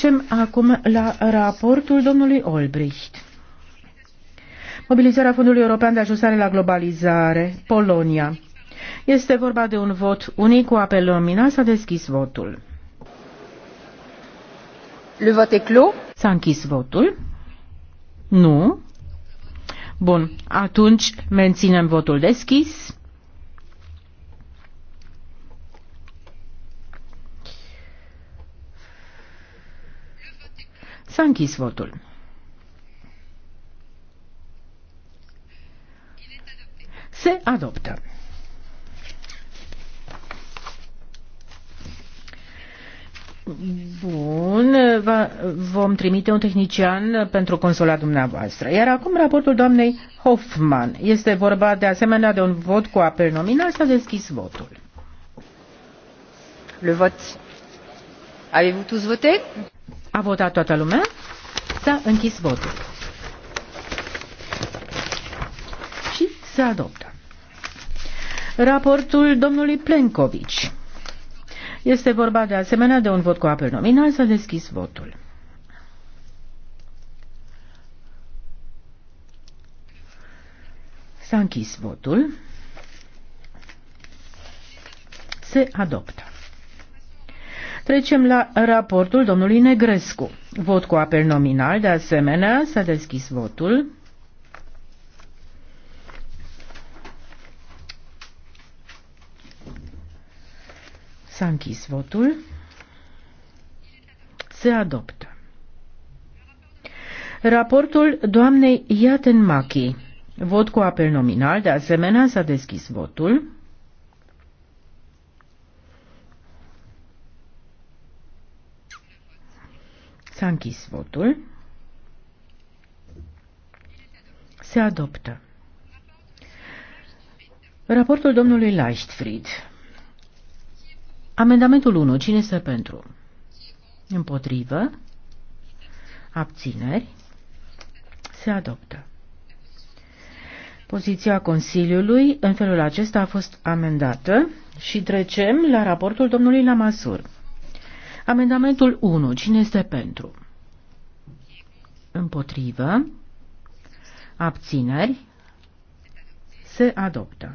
Trecem acum la raportul domnului Olbricht. Mobilizarea Fondului European de Ajustare la Globalizare, Polonia. Este vorba de un vot unic cu apel lumina, S-a deschis votul. Le vote clos. S-a închis votul. Nu. Bun. Atunci menținem votul deschis. S-a închis votul. Se adoptă. Bun, va, vom trimite un tehnician pentru consola dumneavoastră. Iar acum raportul doamnei Hoffman. Este vorba de asemenea de un vot cu apel nominal. S-a deschis votul. Le vot. Avez-vous tous voté? A votat toată lumea? S-a închis votul. Și se adoptă. Raportul domnului Plencovici. Este vorba de asemenea de un vot cu apel nominal. S-a deschis votul. S-a închis votul. Se adoptă. Trecem la raportul domnului Negrescu. Vot cu apel nominal, de asemenea, s-a deschis votul. S-a închis votul. Se adoptă. Raportul doamnei Machi. Vot cu apel nominal, de asemenea, s-a deschis votul. S-a închis votul. Se adoptă. Raportul domnului Leichtfried. Amendamentul 1. Cine se pentru? Împotrivă. Abțineri. Se adoptă. Poziția Consiliului în felul acesta a fost amendată și trecem la raportul domnului Lamasur. Amendamentul 1. Cine este pentru? Împotrivă. Abțineri. Se adoptă.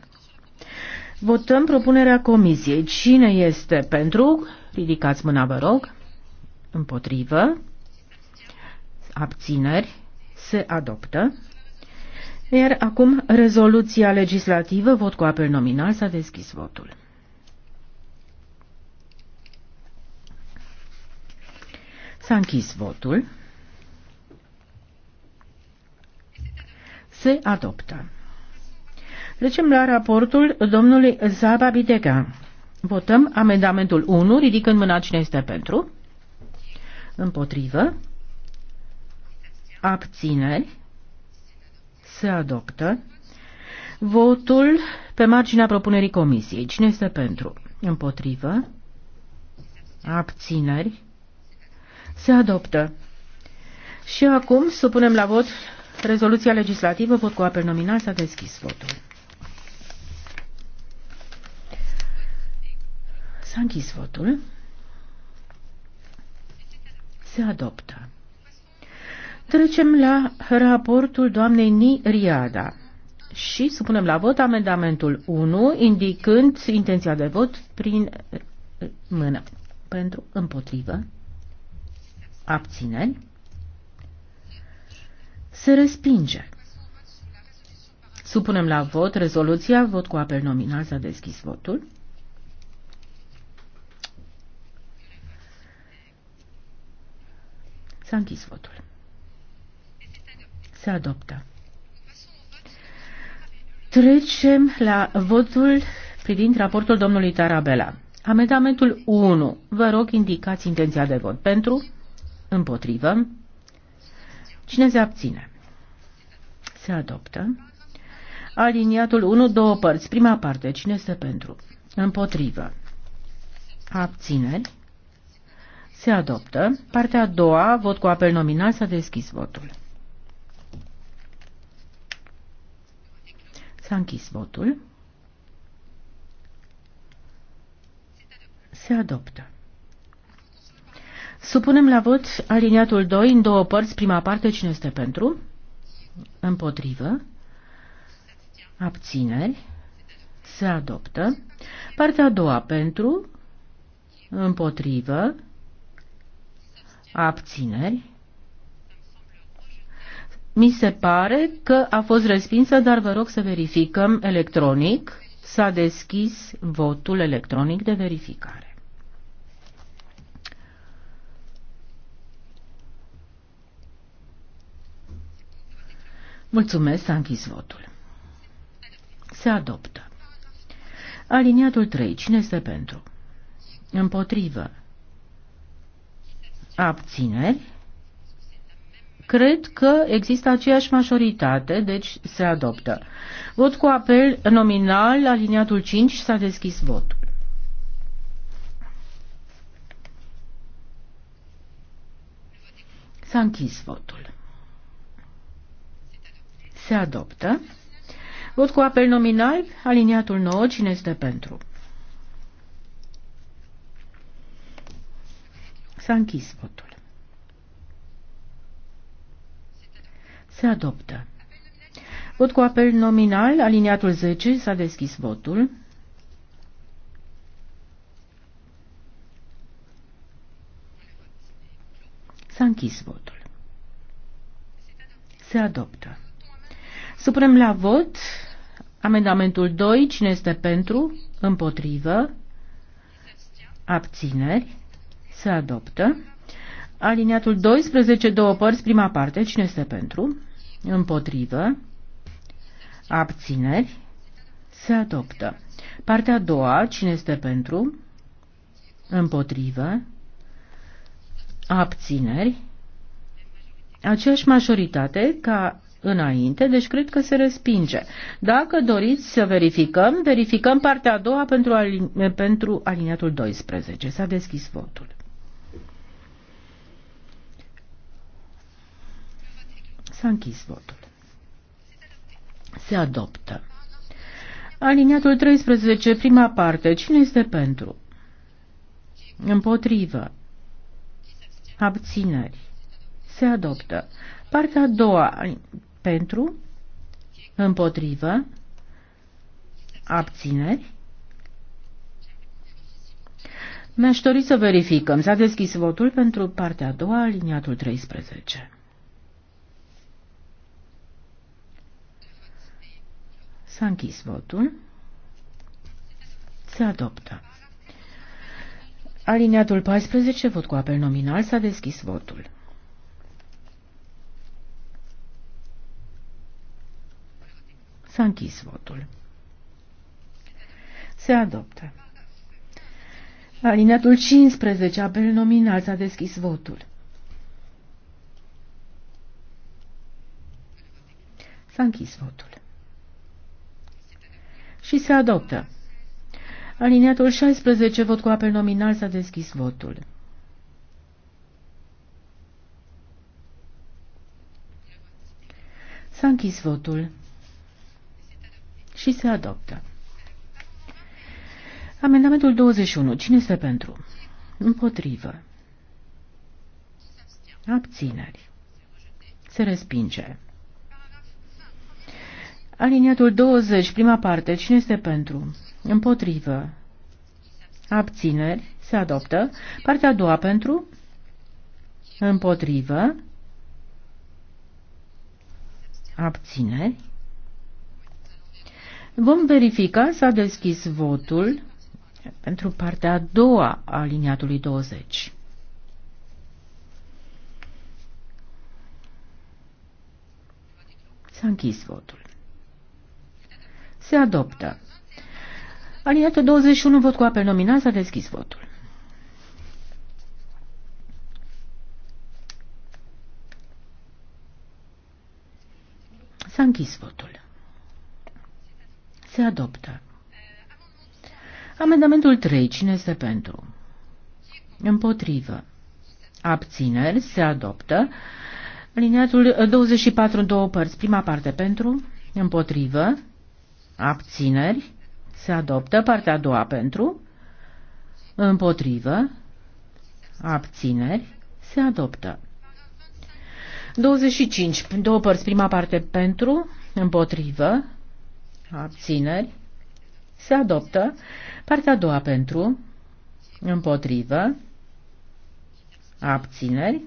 Votăm propunerea comisiei. Cine este pentru? Ridicați mâna, vă rog. Împotrivă. Abțineri. Se adoptă. Iar acum rezoluția legislativă, vot cu apel nominal, s-a deschis votul. S-a închis votul. Se adoptă. Trecem la raportul domnului Zaba Bidega. Votăm amendamentul 1, ridicând mâna cine este pentru. Împotrivă. Abțineri. Se adoptă. Votul pe marginea propunerii comisiei. Cine este pentru? Împotrivă. Abțineri. Se adoptă. Și acum supunem la vot rezoluția legislativă. Vot cu apel nominal s-a deschis votul. S-a închis votul. Se adoptă. Trecem la raportul doamnei Ni Riada și supunem la vot amendamentul 1, indicând intenția de vot prin mână. Pentru împotrivă. Abțineri. Se respinge. Supunem la vot rezoluția, vot cu apel nominal, s-a deschis votul. S-a închis votul. Se adoptă. Trecem la votul privind raportul domnului Tarabela. Amendamentul 1. Vă rog, indicați intenția de vot. Pentru? Împotrivă. Cine se abține? Se adoptă. Aliniatul 1, două părți. Prima parte. Cine este pentru? Împotrivă. Abțineri. Se adoptă. Partea a doua, vot cu apel nominal, s-a deschis votul. S-a închis votul. Se adoptă. Supunem la vot aliniatul 2 în două părți. Prima parte, cine este pentru? Împotrivă. Abțineri. Se adoptă. Partea a doua, pentru? Împotrivă. Abțineri. Mi se pare că a fost respinsă, dar vă rog să verificăm electronic. S-a deschis votul electronic de verificare. Mulțumesc, a închis votul. Se adoptă. Aliniatul 3. Cine este pentru? Împotrivă. Abțineri. Cred că există aceeași majoritate, deci se adoptă. Vot cu apel nominal, aliniatul 5, s-a deschis votul. S-a închis votul. Se adoptă. Vot cu apel nominal, aliniatul 9, cine este pentru? S-a închis votul. Se adoptă. Vot cu apel nominal, aliniatul 10, s-a deschis votul. S-a închis votul. Se adoptă. Supunem la vot amendamentul 2. Cine este pentru? Împotrivă? Abțineri? Se adoptă. Aliniatul 12, două părți, prima parte. Cine este pentru? Împotrivă? Abțineri? Se adoptă. Partea a doua, cine este pentru? Împotrivă? Abțineri? Aceeași majoritate ca înainte, deci cred că se respinge. Dacă doriți să verificăm, verificăm partea a doua pentru, alin- pentru aliniatul 12. S-a deschis votul. S-a închis votul. Se adoptă. Aliniatul 13, prima parte. Cine este pentru? Împotrivă. Abțineri. Se adoptă. Partea a doua, pentru, împotrivă, abțineri. Mi-aș dori să verificăm. S-a deschis votul pentru partea a doua, aliniatul 13. S-a închis votul. Se adoptă. Aliniatul 14, vot cu apel nominal, s-a deschis votul. S-a închis votul. Se adoptă. Alineatul 15, apel nominal, s-a deschis votul. S-a închis votul. Și se adoptă. Alineatul 16, vot cu apel nominal, s-a deschis votul. S-a închis votul și se adoptă. Amendamentul 21. Cine este pentru? Împotrivă. Abțineri. Se respinge. Aliniatul 20, prima parte. Cine este pentru? Împotrivă. Abțineri. Se adoptă. Partea a doua pentru? Împotrivă. Abțineri. Vom verifica, s-a deschis votul pentru partea a doua a aliniatului 20. S-a închis votul. Se adoptă. Aliniatul 21, vot cu apel nominal, s-a deschis votul. S-a închis votul. Se adoptă. Amendamentul 3. Cine este pentru? Împotrivă. Abțineri. Se adoptă. Alineatul 24 în două părți. Prima parte pentru. Împotrivă. Abțineri. Se adoptă. Partea a doua pentru. Împotrivă. Abțineri. Se adoptă. 25. Două părți. Prima parte pentru. Împotrivă abțineri, se adoptă. Partea a doua pentru, împotrivă, abțineri.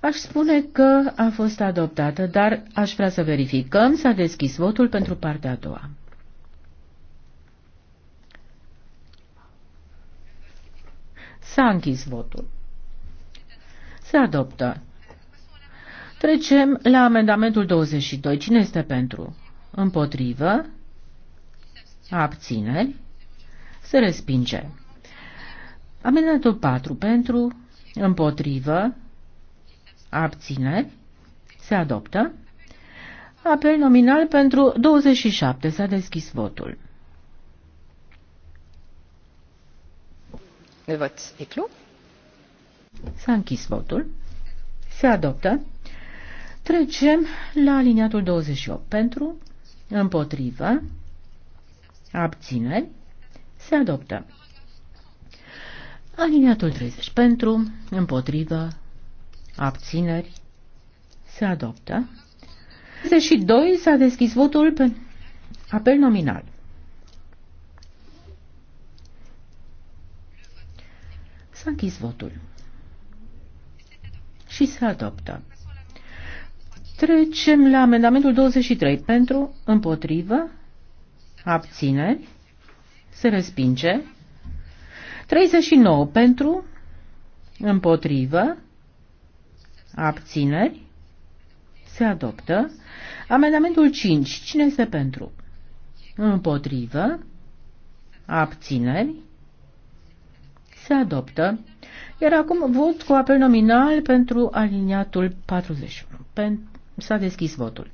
Aș spune că a fost adoptată, dar aș vrea să verificăm. S-a deschis votul pentru partea a doua. S-a închis votul. Se adoptă. Trecem la amendamentul 22. Cine este pentru? Împotrivă? Abțineri? Se respinge. Amendamentul 4. Pentru? Împotrivă? Abțineri? Se adoptă. Apel nominal pentru 27. S-a deschis votul. Le vot e S-a închis votul. Se adoptă. Trecem la aliniatul 28. Pentru, împotrivă, abțineri, se adoptă. Aliniatul 30. Pentru, împotrivă, abțineri, se adoptă. 32. S-a deschis votul pe apel nominal. S-a închis votul. Și se adoptă. Trecem la amendamentul 23. Pentru, împotrivă, abțineri, se respinge. 39. Pentru, împotrivă, abțineri, se adoptă. Amendamentul 5. Cine este pentru? Împotrivă, abțineri, se adoptă. Iar acum vot cu apel nominal pentru aliniatul 41. Pentru S-a deschis votul.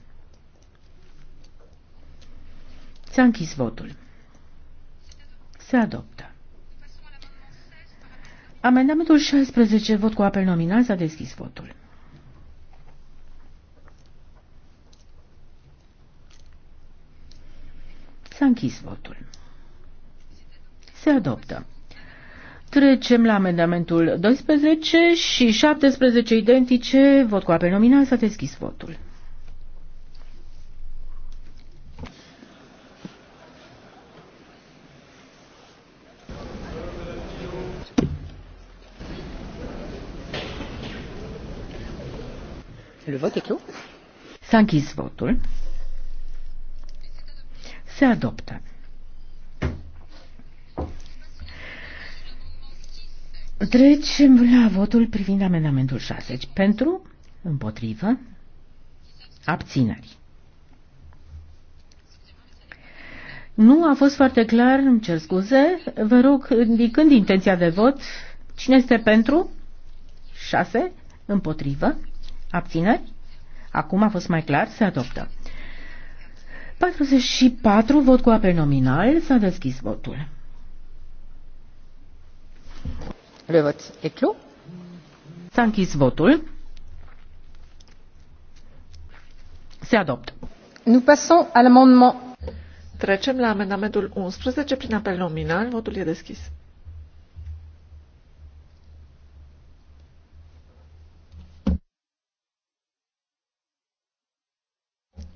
S-a închis votul. Se adoptă. Amendamentul 16, vot cu apel nominal, s-a deschis votul. S-a închis votul. Se adoptă. Trecem la amendamentul 12 și 17 identice. Vot cu apel nominal. S-a deschis votul. Le vot est clos. S-a închis votul. Se adoptă. Trecem la votul privind amendamentul 6. Pentru, împotrivă, abțineri. Nu a fost foarte clar, îmi cer scuze. Vă rog, indicând intenția de vot, cine este pentru? 6. Împotrivă. Abțineri. Acum a fost mai clar, se adoptă. 44. Vot cu apel nominal. S-a deschis votul. Le vot clos. S-a închis votul. Se adoptă. Nous passons à l'amendement. Trecem la amendamentul 11 prin apel nominal. Votul e deschis.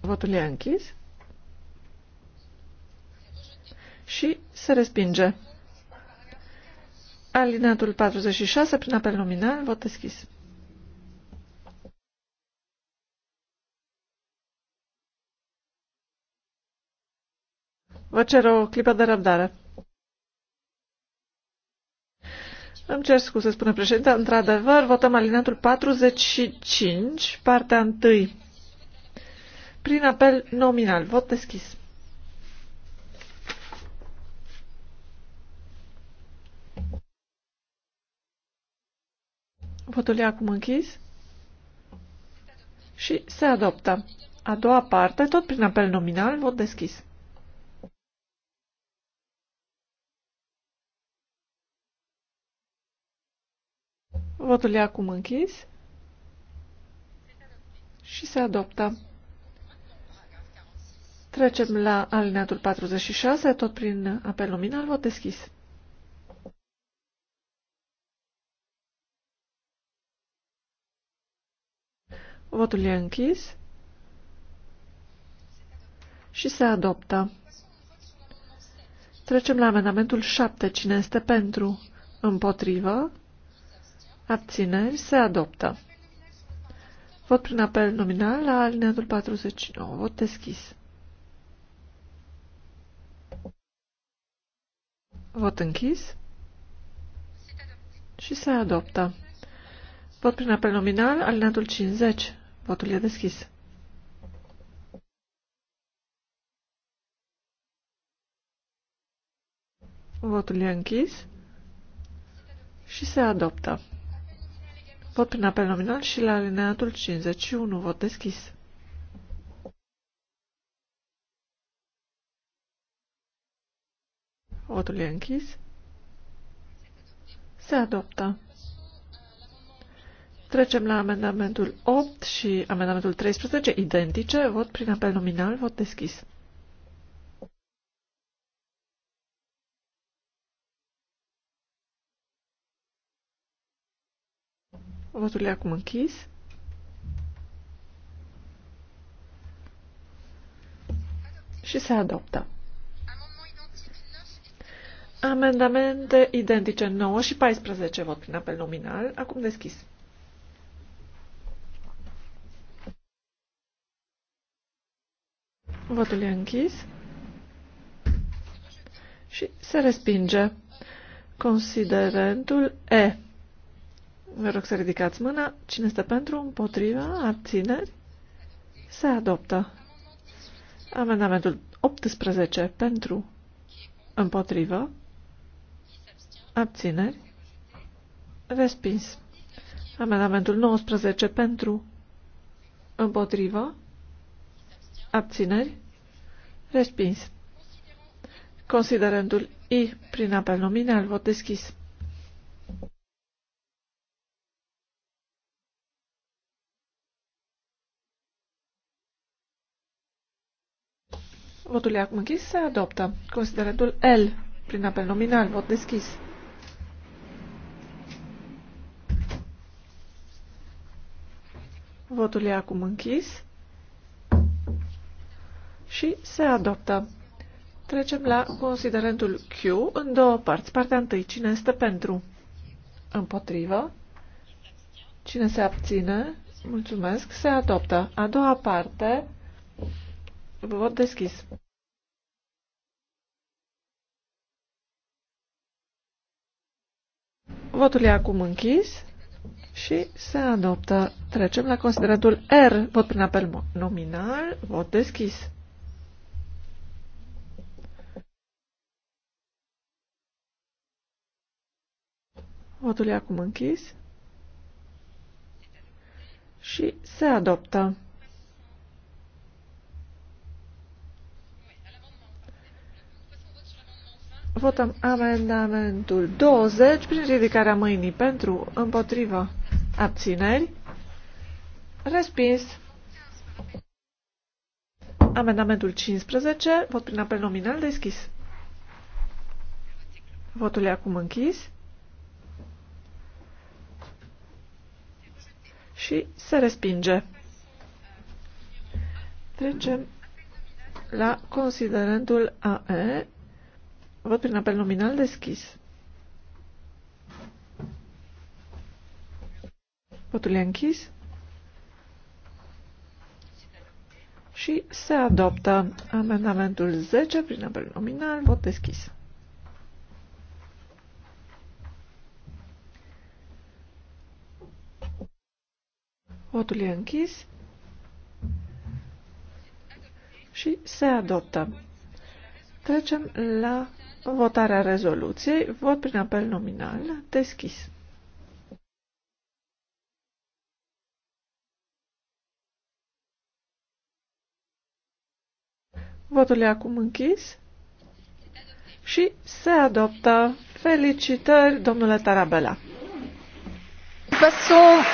Votul e închis. Și se respinge. Alinatul 46 prin apel nominal, vot deschis. Vă cer o clipă de răbdare. Îmi cer scuze, spune președinte. Într-adevăr, votăm alineatul 45, partea 1, prin apel nominal. Vot deschis. Votul e acum închis și se adoptă. A doua parte, tot prin apel nominal, vot deschis. Votul e acum închis și se adoptă. Trecem la alineatul 46, tot prin apel nominal, vot deschis. Votul e închis și se adoptă. Trecem la amendamentul 7. Cine este pentru? Împotrivă? Abțineri? Se adoptă. Vot prin apel nominal la alineatul 49. Vot deschis. Vot închis. Și se adoptă. Vot prin apel nominal, alineatul 50. Votul e deschis. Votul e închis și se adoptă. Vot prin apel nominal și la alineatul 51. Vot deschis. Votul e închis. Se adoptă. Trecem la amendamentul 8 și amendamentul 13, identice, vot prin apel nominal, vot deschis. Votul e acum închis. Și se adoptă. Amendamente identice 9 și 14 vot prin apel nominal, acum deschis. Votul e închis. Și se respinge. Considerentul E. Vă rog să ridicați mâna. Cine este pentru, împotriva, abțineri? Se adoptă. Amendamentul 18 pentru, împotrivă, abțineri, respins. Amendamentul 19 pentru, împotrivă, abțineri, Respins. Considerândul I prin apel nominal, vot deschis. Votul e acum închis, se adoptă. Considerentul L prin apel nominal, vot deschis. Votul e acum închis și se adoptă. Trecem la considerentul Q în două părți. Partea întâi, cine este pentru? Împotrivă. Cine se abține? Mulțumesc. Se adoptă. A doua parte, vot deschis. Votul e acum închis și se adoptă. Trecem la considerentul R, vot prin apel nominal, vot deschis. Votul e acum închis. Și se adoptă. Votăm amendamentul 20 prin ridicarea mâinii pentru, împotriva, abțineri. Respins. Amendamentul 15, vot prin apel nominal deschis. Votul e acum închis. și se respinge. Trecem la considerentul AE. Văd prin apel nominal deschis. Votul e închis. Și se adoptă amendamentul 10 prin apel nominal, vot deschis. Votul e închis și se adoptă. Trecem la votarea rezoluției. Vot prin apel nominal deschis. Votul e acum închis și se adoptă. Felicitări, domnule Tarabela. Pasăm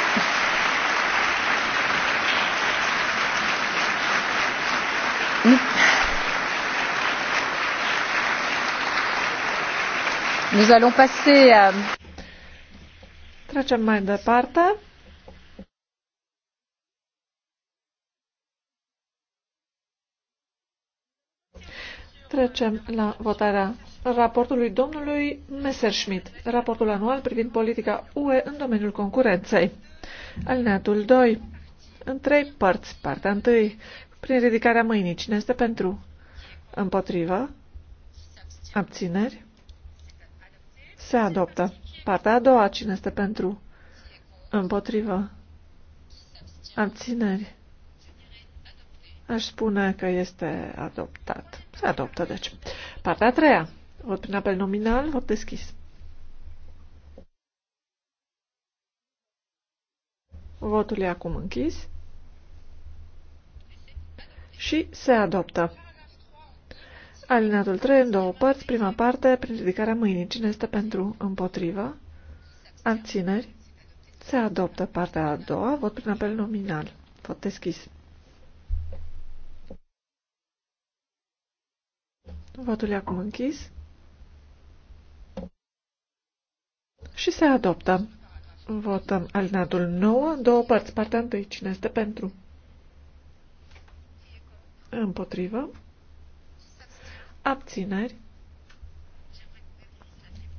Nous allons passer à... Trecem mai departe. Trecem la votarea raportului domnului Messerschmidt, raportul anual privind politica UE în domeniul concurenței. Alineatul 2. În trei părți. Partea 1. Prin ridicarea mâinii. Cine este pentru? Împotrivă? Abțineri? Se adoptă. Partea a doua, cine este pentru? Împotrivă. Abțineri. Aș spune că este adoptat. Se adoptă, deci. Partea a treia. Vot prin apel nominal, vot deschis. Votul e acum închis. Și se adoptă. Alinatul 3 în două părți, prima parte, prin ridicarea mâinii. Cine este pentru? Împotrivă? Abțineri? Se adoptă partea a doua, vot prin apel nominal. Vot deschis. Votul e acum închis. Și se adoptă. Votăm alinatul 9, două părți. Partea întâi. Cine este pentru? Împotrivă. Abțineri.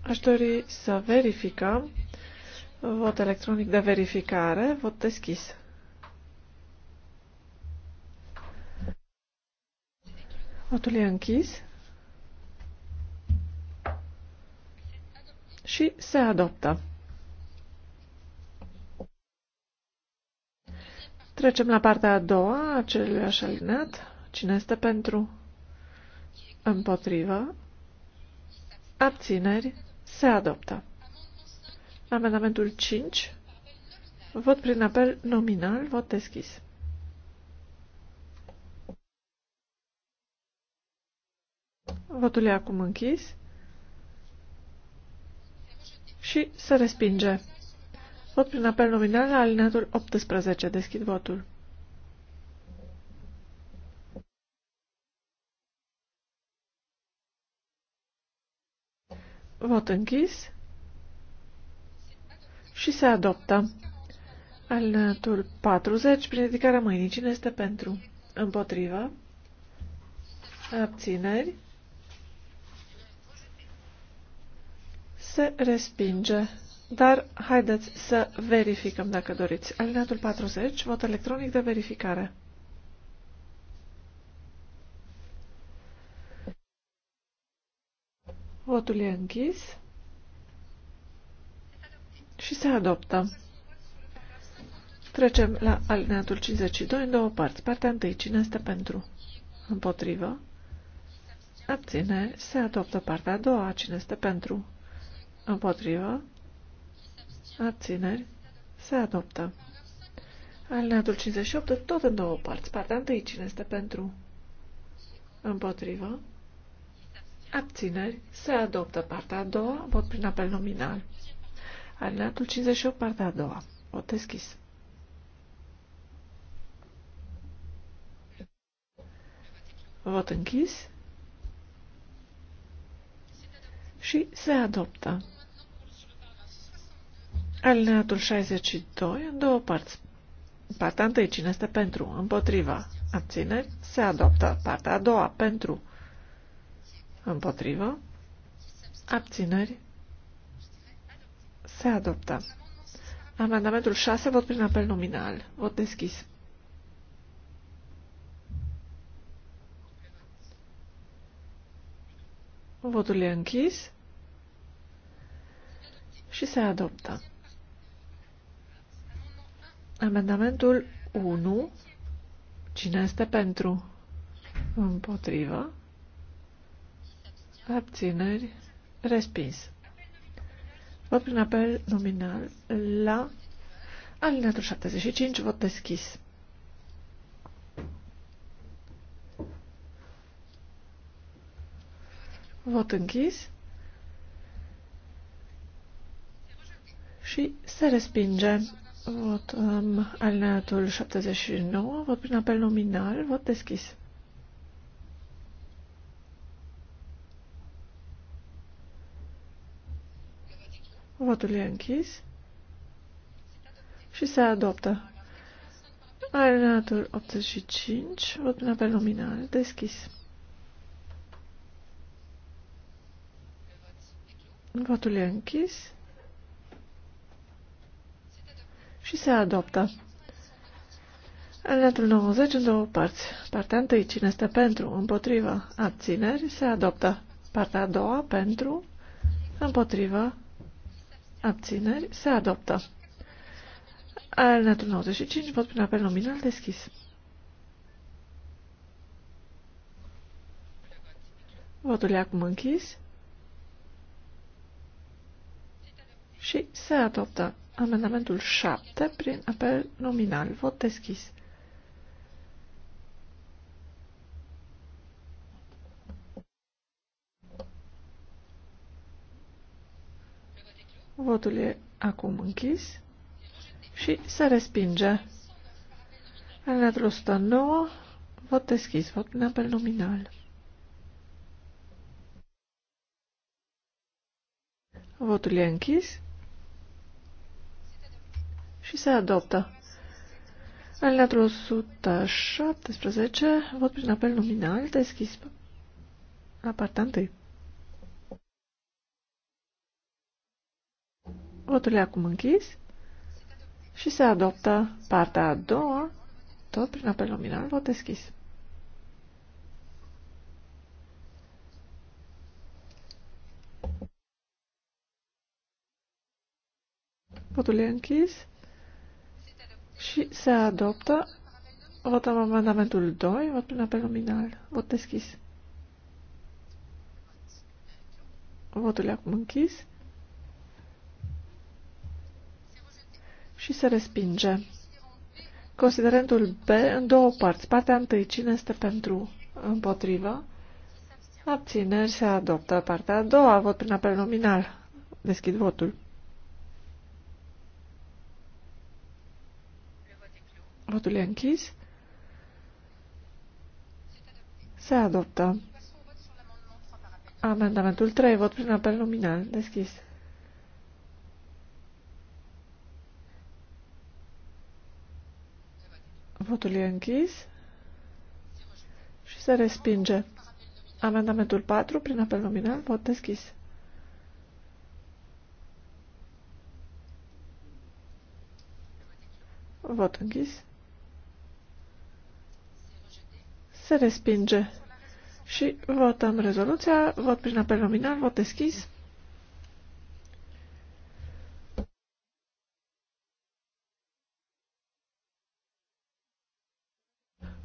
Aș dori să verificăm vot electronic de verificare, vot deschis. Votul e închis. Și se adoptă. Trecem la partea a doua, aceluiași alineat. Cine este pentru? Împotrivă. Abțineri. Se adoptă. Amendamentul 5. Vot prin apel nominal. Vot deschis. Votul e acum închis. Și se respinge. Vot prin apel nominal la alineatul 18. Deschid votul. Vot închis. Și se adoptă. Alinatul 40, prin ridicarea mâinii. Cine este pentru? Împotrivă. Abțineri. Se respinge. Dar haideți să verificăm dacă doriți. alineatul 40, vot electronic de verificare. totul e închis și se adoptă. Trecem la alineatul 52 în două părți. Partea întâi, cine este pentru? Împotrivă. Abține. Se adoptă partea a doua. Cine este pentru? Împotrivă. Abțineri. Se adoptă. Alineatul 58, tot în două părți. Partea întâi, cine este pentru? Împotrivă. Abțineri. Se adoptă partea a doua. Vot prin apel nominal. Alineatul 58, partea a doua. Vot deschis. Vot închis. Și se adoptă. Alineatul 62, în două părți. Partea întâi, cine este pentru? Împotriva. Abțineri. Se adoptă. Partea a doua, pentru. Împotrivă. Abțineri. Se adoptă. Amendamentul 6, vot prin apel nominal. Vot deschis. Votul e închis și se adoptă. Amendamentul 1. Cine este pentru? Împotrivă abțineri, respins. Vot prin apel nominal la alineatul 75, vot deschis. Vot închis. Și se respinge vot um, alineatul 79, vot prin apel nominal, vot deschis. Votul e închis și se adoptă. Arenatul 85, vot în apel nominal, deschis. Votul e închis și se adoptă. Alineatul 90 în două părți. Partea întâi, cine este pentru, împotrivă, abțineri, se adoptă. Partea a doua, pentru, împotrivă, abțineri, se adoptă. Alineatul 95, vot prin apel nominal deschis. Votul e acum închis. Și se adoptă amendamentul 7 prin apel nominal. Vot deschis. Votul e acum închis și se respinge. Alineatul 109, vot deschis, vot în apel nominal. Votul e închis și se adoptă. Alineatul 117, vot prin apel nominal, deschis la partea 1. Votul e acum închis și se adoptă partea a doua, tot prin apel nominal, vot deschis. Votul e închis și se adoptă. Votăm amendamentul 2, vot prin apel nominal, vot deschis. Votul e acum închis și se respinge. Considerentul B în două părți. Partea întâi, cine este pentru împotrivă? Abțineri se adoptă. Partea a doua, vot prin apel nominal. Deschid votul. Votul e închis. Se adoptă. Amendamentul 3, vot prin apel nominal. Deschis. Votul e închis și se respinge. Amendamentul 4, prin apel nominal, vot deschis. Vot închis. Se respinge. Și votăm rezoluția, vot prin apel nominal, vot deschis.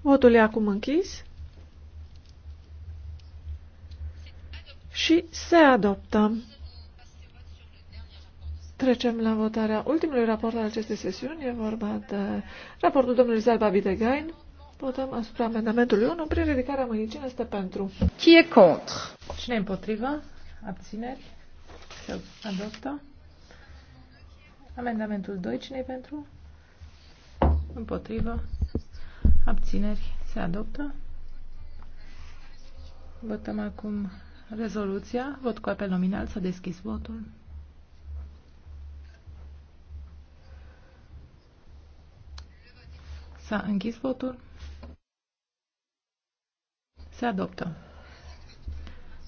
Votul e acum închis. Și se adoptă. Trecem la votarea ultimului raport al acestei sesiuni. E vorba de raportul domnului Zalba Bidegain. Votăm asupra amendamentului 1 prin ridicarea mâinii. Cine este pentru? Cine e contre? Cine e împotrivă? Abțineri? Se adoptă. Amendamentul 2. Cine e pentru? Împotrivă? Abțineri. Se adoptă. Votăm acum rezoluția. Vot cu apel nominal. S-a deschis votul. S-a închis votul. Se adoptă.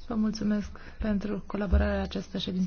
Vă mulțumesc pentru colaborarea la această ședință.